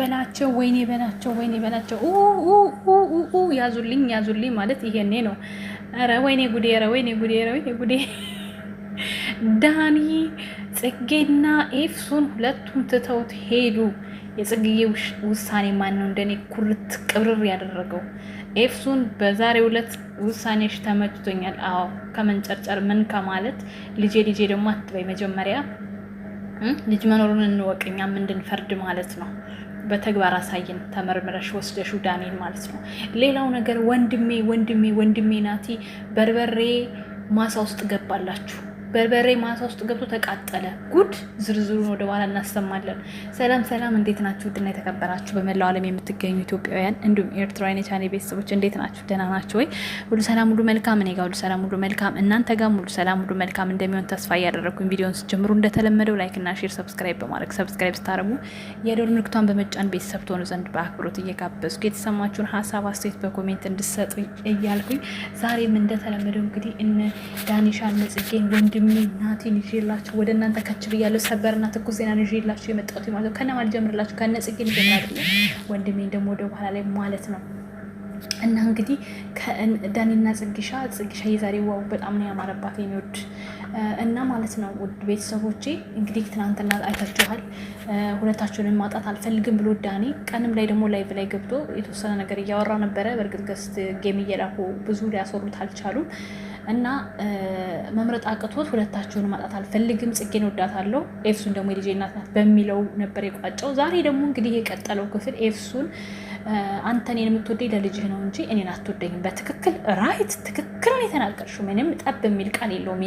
በላቸው ወይኔ በላቸው ወይኔ በላቸው ያዙልኝ ያዙልኝ ማለት ይሄኔ ነው። ኧረ ወይኔ ጉዴ! ኧረ ወይኔ ጉዴ! ኧረ ወይኔ ጉዴ! ዳኒ ጽጌና ኤፍሱን ሁለቱም ትተውት ሄዱ። የጽጌ ውሳኔ ማን ነው እንደኔ ኩርት ቅብርር ያደረገው? ኤፍሱን በዛሬ ሁለት ውሳኔሽ ተመችቶኛል። አዎ ከመንጨርጨር ምን ከማለት ልጄ ልጄ ደግሞ አትበይ። መጀመሪያ ልጅ መኖሩን እንወቅኛ እንድንፈርድ ማለት ነው። በተግባር አሳየን ተመርምረሽ ወስደሽ ዳኔን ማለት ነው። ሌላው ነገር ወንድሜ ወንድሜ ወንድሜ ናቲ በርበሬ ማሳ ውስጥ ገባላችሁ በርበሬ ማሳ ውስጥ ገብቶ ተቃጠለ። ጉድ! ዝርዝሩን ወደ ኋላ እናሰማለን። ሰላም ሰላም፣ እንዴት ናችሁ? ውድና የተከበራችሁ በመላው ዓለም የምትገኙ ኢትዮጵያውያን እንዲሁም ኤርትራውያን የቻኔ ቤተሰቦች እንዴት ናችሁ? ደህና ናችሁ ወይ? ሁሉ ሰላም ሁሉ መልካም፣ እኔ ጋር ሁሉ ሰላም ሁሉ መልካም፣ እናንተ ጋር ሁሉ ሰላም ሁሉ መልካም እንደሚሆን ተስፋ እያደረግኩኝ ቪዲዮን ስጀምሩ እንደተለመደው ላይክና ሼር፣ ሰብስክራይብ በማድረግ ሰብስክራይብ ስታደርጉ የደወል ምልክቷን በመጫን ቤተሰብ ትሆኑ ዘንድ በአክብሮት እየጋበዝኩ የተሰማችሁን ሀሳብ አስተያየት በኮሜንት እንድሰጡ እያልኩኝ ዛሬም እንደተለመደው እንግዲህ እነ ዳኒሻ እነ ጽጌን ወንድ ወንድሜ ናቲን ይዤላችሁ ወደ እናንተ ከች ብያለሁ። ሰበርና ትኩስ ዜና ይዤላችሁ የመጣሁት ማለት ነው። ከነማ ልጀምርላችሁ? ከነ ጽጌ ልጀምር አይደለ? ወንድሜን ደግሞ ወደ በኋላ ላይ ማለት ነው። እና እንግዲህ ዳኒና ጽግሻ ጽግሻ የዛሬ ዋው በጣም ነው ያማረባት የሚወድ እና ማለት ነው። ውድ ቤተሰቦቼ እንግዲህ ትናንትና አይታችኋል። ሁለታችሁንም ማጣት አልፈልግም ብሎ ዳኒ ቀንም ላይ ደግሞ ላይቭ ላይ ገብቶ የተወሰነ ነገር እያወራ ነበረ። በእርግጥ ገስት ጌም እየላኩ ብዙ ሊያስወሩት አልቻሉም። እና መምረጥ አቅቶት ሁለታችሁን ማጣት አልፈልግም፣ ጽጌን ወዳታለሁ፣ ኤፍሱን ደግሞ የልጄ እናት ናት በሚለው ነበር የቋጨው። ዛሬ ደግሞ እንግዲህ የቀጠለው ክፍል ኤፍሱን አንተ እኔን የምትወደኝ ለልጅህ ነው እንጂ እኔን አትወደኝም። በትክክል ራይት፣ ትክክልን ነው የተናገርሽው። ምንም ጠብ የሚል ቃል የለውም።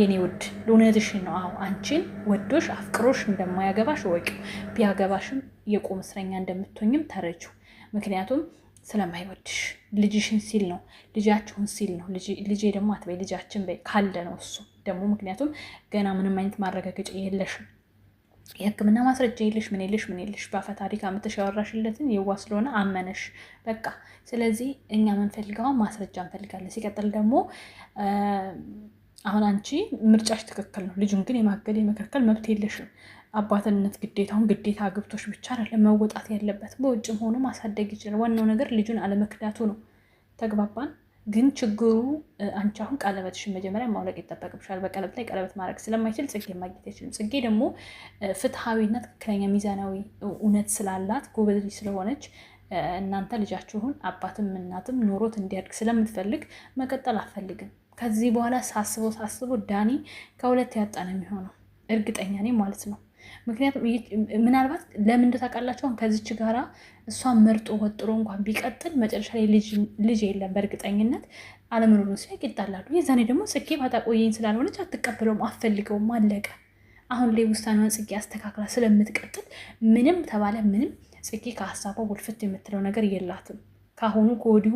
የኔ ውድ እውነትሽን ነው። አዎ አንቺን ወዶሽ አፍቅሮሽ እንደማያገባሽ ወቂው፣ ቢያገባሽም የቁም እስረኛ እንደምትሆኝም ተረችው። ምክንያቱም ስለማይወድሽ ልጅሽን ሲል ነው ልጃችሁን ሲል ነው። ልጄ ደግሞ አትበይ ልጃችን በይ ካለ ነው እሱ ደግሞ ምክንያቱም ገና ምንም አይነት ማረጋገጫ የለሽም። የሕክምና ማስረጃ የለሽ ምን የለሽ ምን የለሽ። በአፈ ታሪክ አምጥተሽ ያወራሽለትን የዋ ስለሆነ አመነሽ በቃ። ስለዚህ እኛ ምንፈልገው ማስረጃ እንፈልጋለን። ሲቀጥል ደግሞ አሁን አንቺ ምርጫሽ ትክክል ነው። ልጁን ግን የማገድ የመከልከል መብት የለሽም። አባትነት ግዴታውን ግዴታ ግብቶች ብቻ አይደለም መወጣት ያለበት፣ በውጭም ሆኖ ማሳደግ ይችላል። ዋናው ነገር ልጁን አለመክዳቱ ነው። ተግባባን? ግን ችግሩ አንቺ አሁን ቀለበትሽን መጀመሪያ ማውለቅ ይጠበቅብሻል። በቀለበት ላይ ቀለበት ማድረግ ስለማይችል ጽጌ ማግኘት አይችልም። ጽጌ ደግሞ ፍትሐዊና ትክክለኛ ሚዛናዊ እውነት ስላላት ጎበዝ ልጅ ስለሆነች እናንተ ልጃችሁን አባትም እናትም ኖሮት እንዲያድግ ስለምትፈልግ መቀጠል አትፈልግም። ከዚህ በኋላ ሳስቦ ሳስቦ ዳኒ ከሁለት ያጣ ነው የሚሆነው፣ እርግጠኛ ነኝ ማለት ነው። ምክንያቱም ምናልባት ለምን እንደታውቃላቸውን ከዚች ጋራ እሷን መርጦ ወጥሮ እንኳን ቢቀጥል መጨረሻ ላይ ልጅ የለም በእርግጠኝነት አለመኖሩን ሲያውቅ ይጣላሉ። የዛኔ ደግሞ ጽጌ ባታቆየኝ ስላልሆነች አትቀበለውም፣ አፈልገውም አለቀ። አሁን ላይ ውሳኔዋን ጽጌ አስተካክላ ስለምትቀጥል ምንም ተባለ ምንም ጽጌ ከሀሳቧ ውልፍት የምትለው ነገር የላትም። ከአሁኑ ከወዲሁ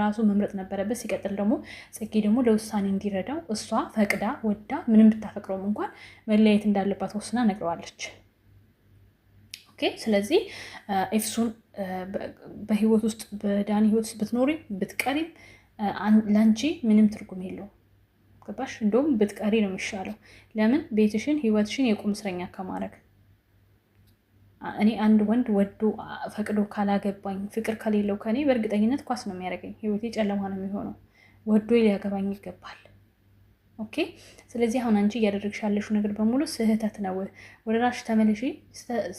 ራሱ መምረጥ ነበረበት። ሲቀጥል ደግሞ ጽጌ ደግሞ ለውሳኔ እንዲረዳው እሷ ፈቅዳ ወዳ ምንም ብታፈቅረውም እንኳን መለያየት እንዳለባት ወስና ነግረዋለች። ኦኬ ስለዚህ ኤፍሱን በህይወት ውስጥ በዳኒ ህይወት ውስጥ ብትኖሪም ብትቀሪም ለአንቺ ምንም ትርጉም የለው። ገባሽ? እንደውም ብትቀሪ ነው የሚሻለው። ለምን ቤትሽን ህይወትሽን የቁም እስረኛ ከማድረግ እኔ አንድ ወንድ ወዶ ፈቅዶ ካላገባኝ ፍቅር ከሌለው ከኔ በእርግጠኝነት ኳስ ነው የሚያደርገኝ። ህይወቴ ጨለማ ነው የሚሆነው። ወዶ ሊያገባኝ ይገባል። ኦኬ። ስለዚህ አሁን አንቺ እያደረግሽ ያለሽው ነገር በሙሉ ስህተት ነው። ወደ ራስሽ ተመልሺ።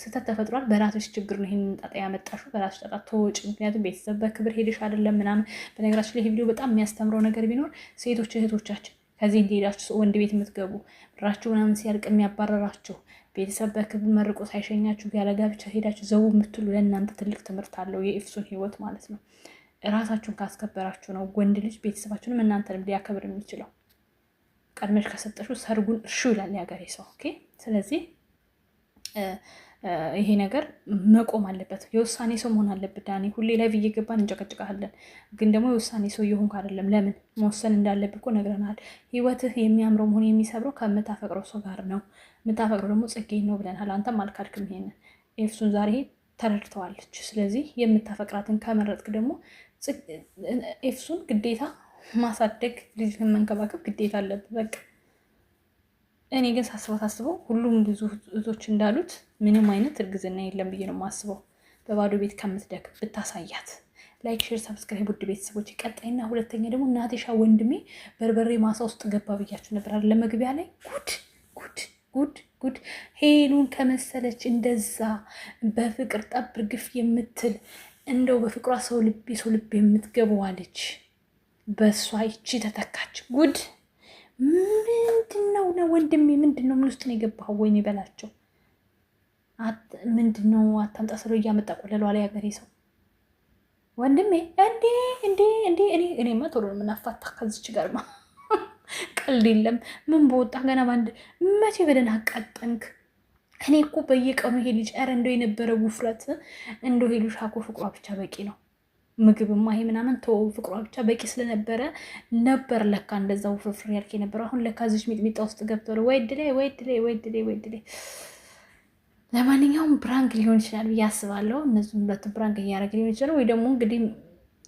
ስህተት ተፈጥሯል። በራስሽ ችግር ነው ይህንን ጣጣ ያመጣሽው። በራስሽ ጣጣ ተወጭ። ምክንያቱም ቤተሰብ በክብር ሄደሽ አይደለም ምናምን። በነገራችን ላይ ቪዲዮ በጣም የሚያስተምረው ነገር ቢኖር ሴቶች እህቶቻችን ከዚህ እንደሄዳችሁ ወንድ ቤት የምትገቡ ብራችሁ ምናምን ሲያልቅ የሚያባረራችሁ ቤተሰብ በክብ መርቆ ሳይሸኛችሁ ያለጋብቻ ሄዳችሁ ዘው የምትሉ ለእናንተ ትልቅ ትምህርት አለው። የኤፍሶን ህይወት ማለት ነው። ራሳችሁን ካስከበራችሁ ነው ወንድ ልጅ ቤተሰባችሁንም እናንተንም ሊያከብር የሚችለው። ቀድመሽ ከሰጠሹ ሰርጉን እርሹ ይላል የሀገሬ ሰው። ኦኬ። ስለዚህ ይሄ ነገር መቆም አለበት። የውሳኔ ሰው መሆን አለብት ዳኒ። ሁሌ ላይ እየገባን እንጨቀጭቃለን፣ ግን ደግሞ የውሳኔ ሰው እየሆንክ አይደለም። ለምን መወሰን እንዳለብህ እኮ ነግረናል። ህይወትህ የሚያምረው መሆን የሚሰብረው ከምታፈቅረው ሰው ጋር ነው። የምታፈቅረው ደግሞ ጽጌ ነው ብለናል። አንተም አልካድክም። ይሄን ኤፍሱን ዛሬ ተረድተዋለች። ስለዚህ የምታፈቅራትን ከመረጥክ ደግሞ ኤፍሱን ግዴታ ማሳደግ፣ ልጅህን መንከባከብ ግዴታ አለብህ በቃ እኔ ግን ሳስበው ሳስበው ሁሉም ብዙ እህቶች እንዳሉት ምንም አይነት እርግዝና የለም ብዬ ነው የማስበው። በባዶ ቤት ከምትደክ ብታሳያት። ላይክ፣ ሼር፣ ሰብስክራይብ ውድ ቤተሰቦች። ቀጣይና ሁለተኛ ደግሞ እናቴሻ ወንድሜ በርበሬ ማሳ ውስጥ ገባ ብያችሁ ነበር ለመግቢያ ላይ ጉድ ጉድ ጉድ ጉድ ሄሉን ከመሰለች እንደዛ በፍቅር ጠብ ግፍ የምትል እንደው በፍቅሯ ሰው ልብ የሰው ልብ የምትገበዋለች በእሷ ይቺ ተተካች ጉድ ምንድን ነው ነው ወንድሜ ምንድን ነው ምን ውስጥ ነው የገባኸው? ወይም ይበላቸው ምንድን ነው አታምጣ ስለው እያመጣ ቆለሏ ላይ ሀገሬ ሰው ወንድሜ እንዴ እንዴ እንዴ እኔ እኔማ ቶሎ ነው የምናፋታ ከዚች ጋርማ ቀልድ የለም። ምን በወጣ ገና ባንድ መቼ በደን አቃጠንክ? እኔ እኮ በየቀኑ ሄድ ልጅ እንደው የነበረ ውፍረት እንደው ሄዱ ሻኮ ፍቅሯ ብቻ በቂ ነው። ምግብማ ይሄ ምናምን ተወው፣ ፍቅሯ ብቻ በቂ ስለነበረ ነበር ለካ እንደዛ ውፍርፍር ያልክ የነበረው። አሁን ለካ እዚች ሚጥሚጣ ውስጥ ገብቶ ወይ ድሌ ወይ ድሌ ወይ ድሌ ወይ ድሌ። ለማንኛውም ብራንክ ሊሆን ይችላል ብዬ አስባለሁ። እነዚህም ሁለቱ ብራንክ እያደረገ ሊሆን ይችላል ወይ ደግሞ እንግዲህ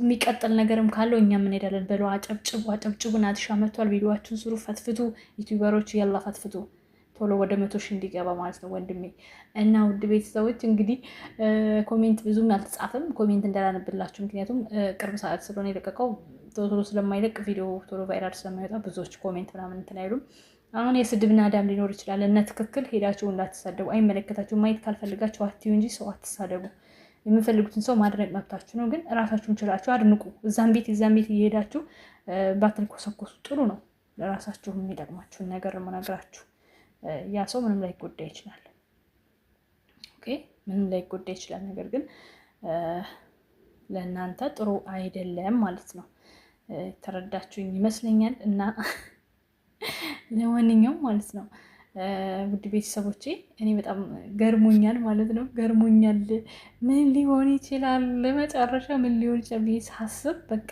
የሚቀጥል ነገርም ካለው እኛ ምን ሄዳለን በለው። አጨብጭቡ አጨብጭቡ፣ ናትሻ መቷል። ቪዲዮዋችሁን ስሩ፣ ፈትፍቱ ዩቲዩበሮች፣ ያላ ፈትፍቱ። ቶሎ ወደ መቶ ሺህ እንዲገባ ማለት ነው ወንድሜ እና ውድ ቤተሰቦች እንግዲህ ኮሜንት ብዙም አልተጻፈም። ኮሜንት እንዳላነብላችሁ ምክንያቱም ቅርብ ሰዓት ስለሆነ የለቀቀው ቶሎ ስለማይለቅ ቪዲዮ ቶሎ ቫይራል ስለማይወጣ ብዙዎች ኮሜንት ምናምን እንትን አይሉም። አሁን የስድብና ናዳም ሊኖር ይችላል እና ትክክል ሄዳችሁ እንዳትሳደቡ። አይመለከታችሁ ማየት ካልፈልጋችሁ አትዩ እንጂ ሰው አትሳደቡ። የምፈልጉትን ሰው ማድረግ መብታችሁ ነው፣ ግን ራሳችሁን ችላችሁ አድንቁ። እዛም ቤት እዛም ቤት እየሄዳችሁ ባትንኮሰኮሱ ጥሩ ነው። ለራሳችሁ የሚጠቅማችሁን ነገር መነግራችሁ ያ ሰው ምንም ላይ ጎዳ ይችላል። ኦኬ ምንም ላይ ጎዳ ይችላል። ነገር ግን ለእናንተ ጥሩ አይደለም ማለት ነው። ተረዳችሁኝ ይመስለኛል እና ለማንኛውም ማለት ነው ውድ ቤተሰቦቼ እኔ በጣም ገርሞኛል ማለት ነው። ገርሞኛል ምን ሊሆን ይችላል? መጨረሻ ምን ሊሆን ይችላል ብዬ ሳስብ በቃ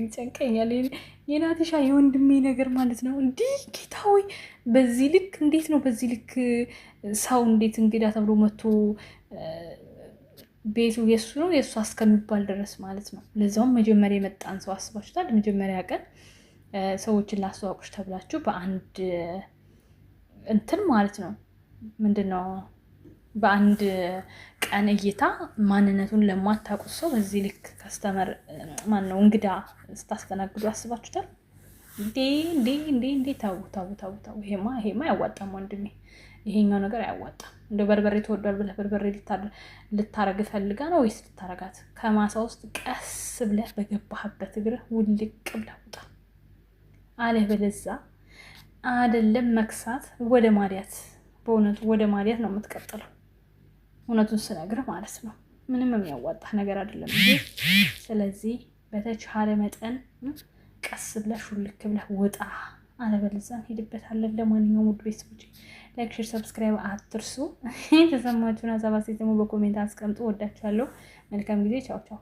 ይጨንቀኛል። የናቲሻ የወንድሜ ነገር ማለት ነው። እንዲህ ጌታ ሆይ፣ በዚህ ልክ እንዴት ነው? በዚህ ልክ ሰው እንዴት እንግዳ ተብሎ መቶ ቤቱ የሱ ነው የእሷ እስከሚባል ድረስ ማለት ነው። ለዛውም መጀመሪያ የመጣን ሰው አስባችሁታል መጀመሪያ ቀን ሰዎችን ላስተዋውቅሽ ተብላችሁ በአንድ እንትን ማለት ነው ምንድን ነው በአንድ ቀን እይታ ማንነቱን ለማታውቁ ሰው በዚህ ልክ ከስተመር ማን ነው እንግዳ ስታስተናግዱ አስባችሁታል? እንዴ እንዴ እንዴ ይሄማ ይሄማ አያዋጣም ወንድሜ፣ ይሄኛው ነገር አያዋጣም። እንደ በርበሬ ተወዷል ብለህ በርበሬ ልታረግ ፈልጋ ነው ወይስ ልታረጋት? ከማሳ ውስጥ ቀስ ብለህ በገባህበት እግር ውልቅ ብለህ ውጣ። አለበለዚያ አይደለም መክሳት፣ ወደ ማዲያት በእውነቱ ወደ ማዲያት ነው የምትቀጥለው። እውነቱን ስነግር ማለት ነው ምንም የሚያዋጣ ነገር አይደለም። ስለዚህ በተቻለ መጠን ቀስ ብለህ ሹልክ ብለህ ውጣ፣ አለበለዚያም ሄድበታለን። ለማንኛውም ውድ ቤተሰቦች ላይክ፣ ሼር፣ ሰብስክራይብ አትርሱ። የተሰማችሁን ሀሳብ አስተያየት ደግሞ በኮሜንት አስቀምጡ። ወዳችኋለሁ። መልካም ጊዜ። ቻው ቻው።